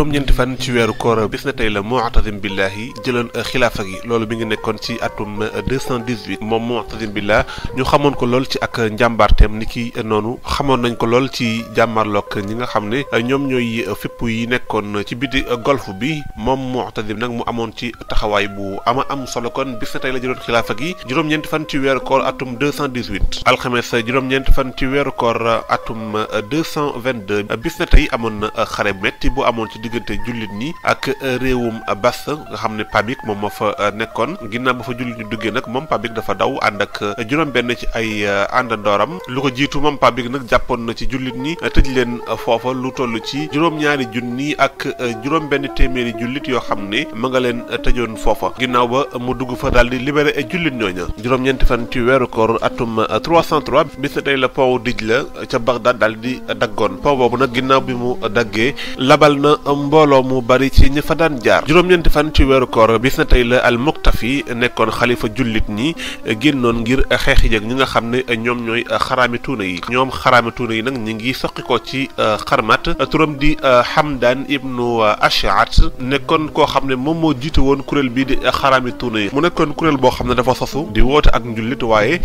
juróom-ñeenti fan ci weeru koor bis na tey la Mu'tasim Billahi jëloon xilaafa gi loolu mi ngi nekkoon ci atum 218 moom Mu'tasim Billah ñu xamoon ko lool ci ak njàmbaarteem ni ki noonu xamoon nañ ko lool ci jàmmarloog ñi nga xam ne ñoom ñooy fipp yi nekkoon ci biti golf bi moom Mu'tasim nag mu amoon ci taxawaay bu ama am solo kon bis na tey la jëloon xilaafa gi juróom-ñeenti fan ci weeru koor atum 218 alxames juróom-ñeenti fan ci weeru koor atum 222 bis na tey amoon na xare metti bu amoon ci diggante jullit ñi ak euh, réewum Bas nga xam ne Pamik moom moo fa euh, nekkoon ginnaaw ba fa jullit ñu duggee nag moom Pamik dafa daw ànd ak euh, juróom-benn ci ay ànd àndandooram lu ko jiitu moom pabik nag jàppoon na ci jullit ñi tëj leen foofa lu toll ci juróom-ñaari junni ak juróom-benn téeméeri jullit yoo xam ne ma nga leen tëjoon foofa ginnaaw ba mu dugg fa daal di libéré ay jullit ñooña juróom-ñeenti fan ci weeru koor atum 303 bis na tey la pont Dijla ca Bagdad daal di daggoon pont boobu nag ginnaaw bi mu daggee labal mbooloo mu bari ci ñi fa daan jaar juróom-ñeenti fan ci weeru koor bis na tey la al nekkoon xalifa jullit ñi génnoon ngir xeex ak ñi nga xam ne ñoom ñooy xaraami tuuna yi ñoom xaraami tuuna yi nag ñi ngi soqi ko ci euh, xarmat turam di euh, Hamdan ibnu euh, Ash'at nekkoon koo xam ne moom moo jiitu woon kuréel bii di xaraami tuuna yi mu nekkoon kuréel boo xam ne dafa sosu di woote ak njullit waaye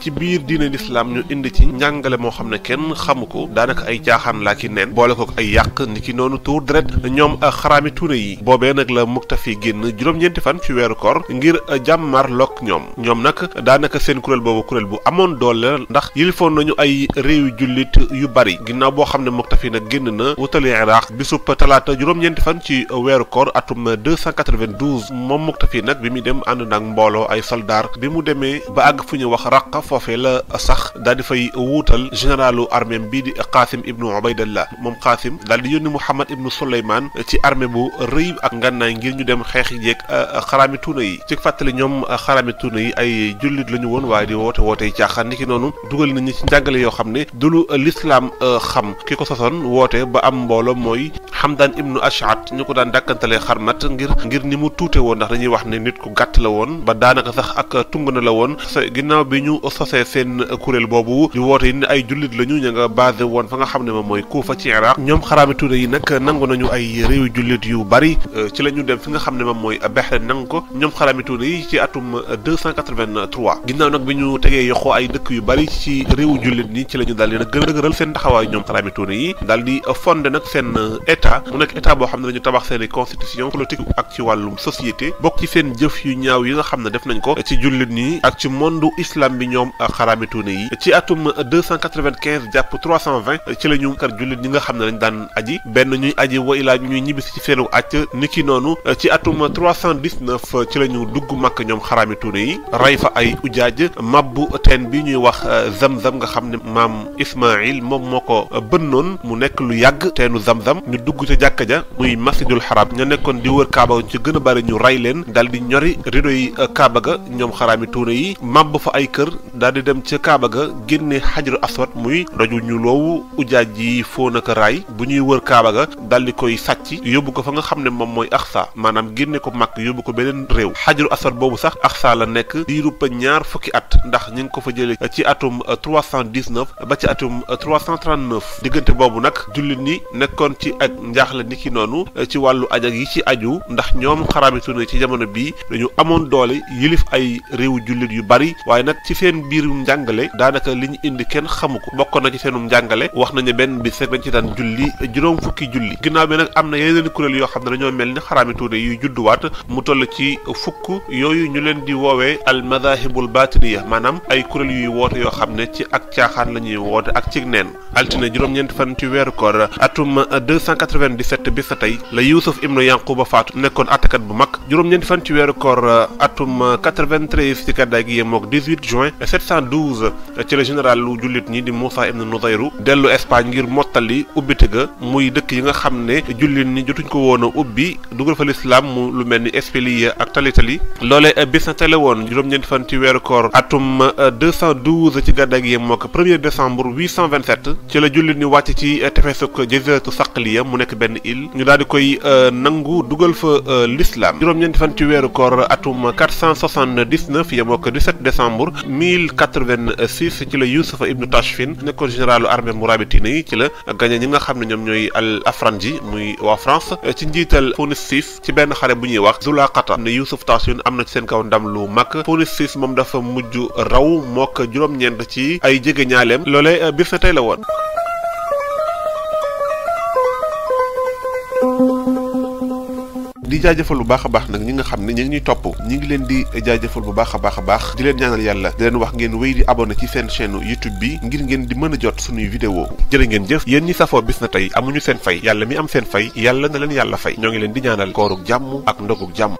ci biir diine lislaam ñu indi ci njàngale moo xam ne kenn xamu ko daanaka ay caaxaan nag ñoom euh, xaraami Touré yi boobee nag la Muktafi génn juróom-ñeenti fan ci weeru koor ngir euh, jàmmarloog ñoom ñoom nag daanaka seen kuréel boobu kuréel bu amoon doole ndax yilifoon nañu ay réew jullit yu bari ginnaaw boo xam ne Muktafi nag génn na wutali Iraq bisub talaata juróom-ñeenti fan ci weeru koor atum 292 moom Muktafi nag bi muy dem ànd nag mbooloo ay soldaar bi mu demee ba àgg fu ñu wax raq foofee la sax daal di fay wuutal généralu armée bii di Qasim ibnu Ubaydallah Souleymane ci armée bu rëy ak ngànnaay ngir ñu dem xeex jeeg euh, euh, xaraami tuuna yi ci fàttali ñoom euh, xaraami tuuna yi ay jullit la ñu woon waaye di woote woote yi caaxaan ni ki noonu dugal nañu ci njàngale yoo xam ne du lu lislaam xam ki ko sosoon woote ba am mbooloo mooy Hamdan ibnu Ash'at ñu ko daan dàkkantalee xarmat ngir ngir ni mu tuute woon ndax dañuy wax ne nit ku gàtt la woon ba daanaka sax ak tung na la woon sa ginnaaw bi ñu sosee seen kuréel boobu di woote yi ay jullit lañu ña nga basé woon fa ne moom mooy Kuufa nañu ay réewi jullit yu bari euh, ci la ñu dem fi nga xam ne moom mooy Bahreïn nangu ko ñoom xaramituuna yi ci atum euh, a yi daal di fondé nag seen euh, état mu bi ñoom xaramituuna yi ci atum 295 jàpp 320 ci la ñu jullit ñi nga xam ne dañ daan aji benn ñuy aji wa ilaa ñu ñuy ñibbisi ci seenu àcc niki noonu eh, ci atum 319 eh, ci la ñu dugg màkk ñoom xaraami tuune yi ray fa ay ujaaj mabbu teen bi ñuy wax eh, zam-zam nga xam ne maam Ismaïl moom moo ko bënnoon mu nekk lu yàgg teenu zam-zam ñu dugg ca jàkka ja muy masjidul xaram ña nekkoon di wër kaaba ci gën a bëri ñu rey leen dal di ñori rido yi kaaba ga ñoom xaraami tuune yi màbb fa ay kër daal di dem ca kaaba ga génne xajaru aswat muy doju ñu loowu ujaaj yi foo koy sàcc yóbbu ko fa nga xam ne moom mooy axsa maanaam génne ko màkk yóbbu ko beneen réew xajaru aswad boobu sax axsa la nekk diirub ñaar fukki at ndax ñu ngi ko fa jële ci atum 319 euh, ba ci atum 339 euh, diggante boobu nag jullit ñi nekkoon ci ak njaaxle ni ki noonu euh, ci wàllu aj ak yi ci aju ndax ñoom xaraabitu ne ci jamono bii dañu amoon doole yilif ay réewu jullit yu bari waaye nag ci seen biirum njàngale daanaka li ñu indi kenn xamu ko bokkoon na ci seenum njàngale wax nañu benn bis ci daan bi nag am na yeneen kuréel yoo xam ne dañoo mel ni xaraami tuude yuy judduwaat mu toll ci fukk yooyu ñu leen di woowee al madahibul batiniya maanaam ay kuréel yuy woote yoo xam ne ci ak caaxaan la ñuy woote ak cig neen altine juróom ñeenti fan ci weeru koor atum 297 bi sa tey la Yuusuf ibnu Yanquba faatu nekkoon attakat bu mag juróom-ñeent fan ci weeru koor atum 93 ci kaddaay gi yemook 18 juin 712 ci la général lu jullit ñi di Moussa ibnu Nuzayru dellu Espagne ngir mottali ubbite ga muy dëkk yi nga xam ne ne jullit ni jotuñ ko woon a ubbi dugal fa lislaam mu lu mel ni Espeliya ak Talitali loolee bis na tele woon juróom-ñeent fan ci weeru koor atum 212 euh, ci gàddaay gi moo ko 1er décembre 827 ci la jullit ni wàcc ci euh, tefesuk jaziratu Saqliya mu nekk benn île ñu daal di koy euh, nangu dugal fa lislaam juróom-ñeent fan ci weeru koor atum 479 ya moo ko 17 décembre 1086 ci la Yusufa ibnu Tashfin nekkoon généralu armée Mourabitini ci la gañe ñi nga xam ne ñoom ñooy al Afranji muy waa France ci njiital Founis Six ci benn xare bu ñuy wax Zulaqata ne Youssouf Tachfine am na seen kaw ndam lu mag Founis Six moom dafa mujj raw mook juróom-ñeent ci ay jege ñaaleem loole uh, bis na tey la woon di jaajëfal bu baax a baax nag ñi nga xam ne ñi ngi ñuy topp ñi ngi leen di jaajëfal bu baax a baax a baax di leen ñaanal yàlla di leen wax ngeen wéy di abonné ci seen chaîne YouTube bi ngir ngeen di mën a jot suñuy vidéo jërë ngeen jëf yéen ñi safoo bis na tey amuñu seen fay yàlla mi am seen fay yàlla na leen yàlla fay ñoo ngi leen di ñaanal koorug jàmm ak ndogug jàmm